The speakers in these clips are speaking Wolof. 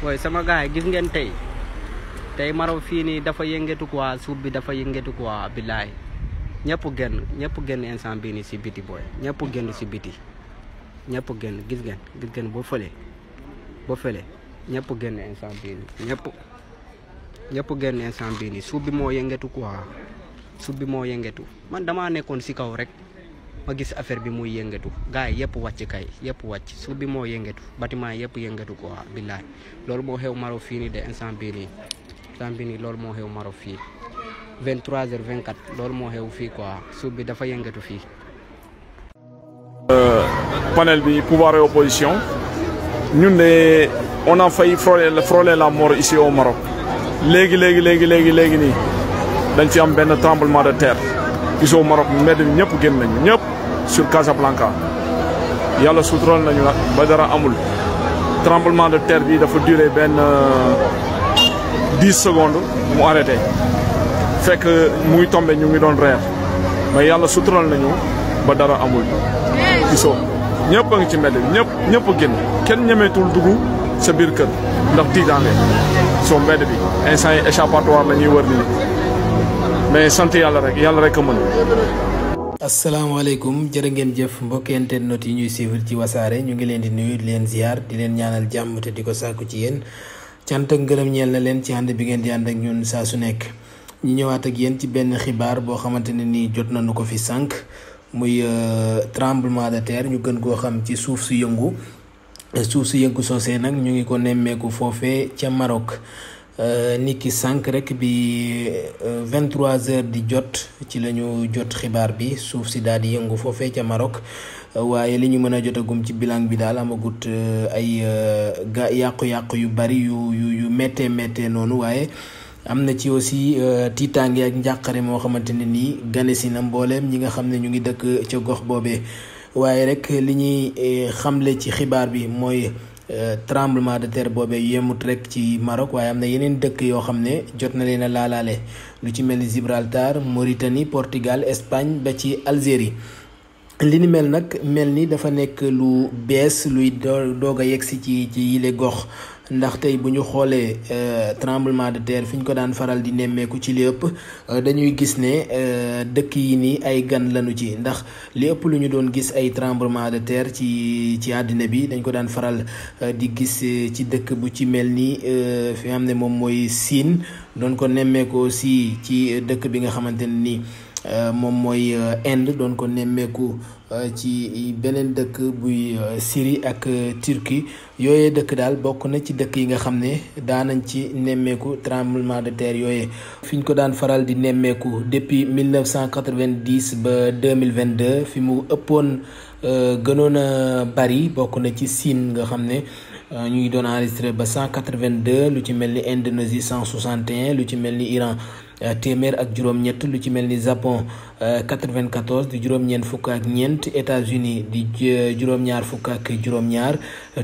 wooy sama gars yi gis ngeen tey tey Maroc fii nii dafa yëngatu quoi suuf bi dafa yëngatu quoi billaay ñëpp génn ñëpp génn instant bii nii si biti booy ñëpp génn si biti ñëpp génn gis ngeen gis boo fële boo fële ñëpp génn instant bii nii ñëpp ñëpp génn instant bii suuf bi moo yëngatu quoi suuf bi moo yëngatu man damaa nekkoon si kaw rek. ma gis affaire bi muy yëngatu gars yi yëpp wàcc kay yëpp wàcc suuf bi moo yëngatu bâtiment yëpp yëngatu ko billaay loolu moo xew Maroc fii de instant bii nii instant bii nii loolu moo xew Maroc fii 23 h moo xew fii quoi suuf bi dafa yëngatu fii. Euh, panel bi pouvoir et opposition ñun de on a failli frôler frôler la mort ici au Maroc léegi léegi léegi léegi léegi nii dañ fi am benn tremblement de terre. gisoo Maroc mbedd mi ñëpp génn nañ sur Casablanca yàlla sutural nañu nag ba dara amul tremblement de terre bi dafa duré benn euh, dix secondes mu arrêté fekk muy tombé ñu ngi doon reer mais yàlla sutural nañu ba dara amul gisoo ñëpp a ngi ci mbedd ñëpp ñëpp génn kenn ñemeetul dugg sa biir kër ndax tiitaange soo mbedd bi instant yi échappatoire la ñuy wër nii mais sant yàlla rek yàlla rek a mën asalaamaaleykum jërë ngeen jëf mbokki internet yi ñuy suivre ci wasaare ñu ngi leen di nuyu leen ziar di leen ñaanal jàmm te di ko sàkku ci yéen cant ak ngërëm ñeel na leen ci ànd bi ngeen di ànd ak ñun saa su nekk ñu ñëwaat ak yéen ci benn xibaar boo xamante ne nii jot nañu ko fi sànq muy euh, tremblement de terre ñu gën goo xam ci suuf su yëngu suuf su yëngu soosee nag ñu ngi ko nemmeeku foofee ca Maroc Euh, ni ki sànq rek bi 23h euh, di jot ci la jot xibaar bi suuf si daal di yëngu foofee ca Maroc euh, waaye li ñu mën a jotagum ci bilan bi daal amagut ay ga yàqu-yàqu yu bari yu yu yu méttee noonu waaye am na ci aussi tiitaange ak njàqare moo xamante ne nii gane si na mbooleem ñi nga xam ne ñu ngi dëkk ca gox boobe waaye rek li ñuy xamle ci xibaar bi mooy. Euh, tremblement de terre boobee yemut rek ci Maroc waaye am na yeneen dëkk yoo xam ne jot na leen a laalaale lu ci mel ni Gibraltar Mauritanie Portugal Espagne ba ci Algérie li ni mel nag mel ni dafa nekk lu bees luy doog a yegsi ci ci yile gox ndax tey bu ñu xoolee euh, tremblement de terre fi ñu ko daan faral di nemmeeku ci li ëpp euh, dañuy gis ne euh, dëkk yi nii ay gan lañu ci ndax li ëpp lu ñu doon gis ay tremblement de terre ci ci àddina bi dañ ko daan faral di gis ci dëkk bu ci mel ni fi am ne moom mooy Siin doon ko nemmeekoo aussi ci dëkk bi nga xamante ne nii. Euh, moom mooy euh, Inde doon ko nemmeeku euh, ci beneen dëkk buy Syrie ak Turquie yooyee dëkk daal bokk na ci dëkk yi nga xam ne daanañ ci nemmeeku tremblement de terre yooyee fi ñu ko daan faral di nemmeeku depuis 1990 ba 2022 fi mu ëppoon gënoon a bari bokk na ci Siin nga xam ne ñu ngi doon enregistré ba 182 lu ci mel ni Indonésie 161 lu ci mel ni Iran Euh, téeméer ak juróom-ñett lu ci mel ni Japon 94 euh, di juróom-ñeent fukk ak ñeent États-Unis di euh, juróom-ñaar fukk ak juróom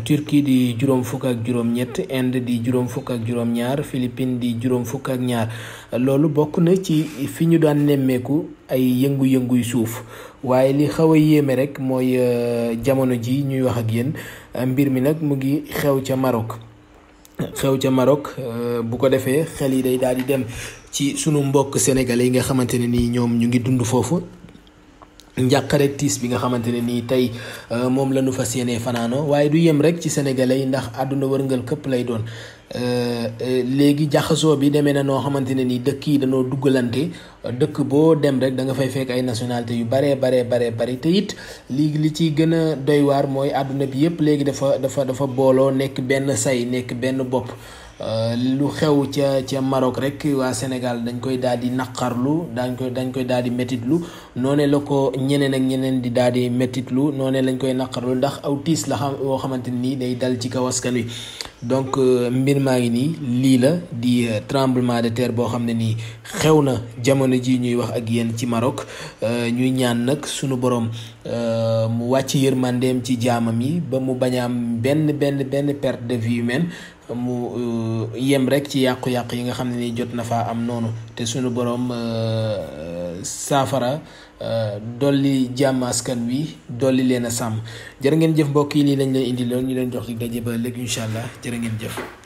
Turquie di juróom fukk ak juróom-ñett Inde di juróom fukk ak juróom-ñaar Philippines di juróom fukk ak ñaar loolu bokk na ci fi ñu daan nemmeeku ay yëngu-yënguy suuf waaye li xew a yéeme rek mooy jamono ji ñuy wax ak yéen mbir mi nag mu ngi xew ca Maroc xew ca Maroc bu ko defee xel yi day daal di dem ci sunu mbokk sénégalais yi nga xamante ne nii ñoom ñu ngi dund foofu njàqare tiis bi nga xamante ne nii tey euh, moom la ñu fas yéenee fanaanoo waaye du yem rek ci sénégalais yi ndax àdduna wërngal këpp lay doon euh, euh, léegi jaxasoo bi demee na noo xamante ne nii dëkk yi dañoo duggalante dëkk boo dem rek da nga fay fekk ay nationalité yu baree baree baree bari te it léegi li ciy gën a doy waar mooy àdduna bi yépp léegi dafa dafa dafa booloo nekk benn say nekk benn bopp. Euh, lu xew ca ca Maroc rek waa Sénégal dañ koy daal di naqarlu dañ koy dañ koy daal di métitlu noonee la ko ñeneen ak ñeneen di daal di métitlu noonee lañ koy naqarlu ndax aw tiis la xam woo xamante nii day dal ci kaw askan wi donc euh, mbir maa ngi nii lii la di euh, tremblement de terre boo xam ne nii xew na jamono ji ñuy wax ak yéen ci Maroc ñuy ñaan nag sunu borom mu wàcc yërmandeem ci jaamam yi ba mu bañ a am benn benn benn perte de vie humaine mu euh, yem rek ci yàqu-yàqu yi nga xam ne ni jot na faa am noonu te suñu boroom euh, saafara euh, dolli jàmm askan wi dolli leen a sàmm jërë ngeen jëf mbokk yi lii lañ leen indi ñu leen jox di daje ba léegi incha allah jërë ngeen jëf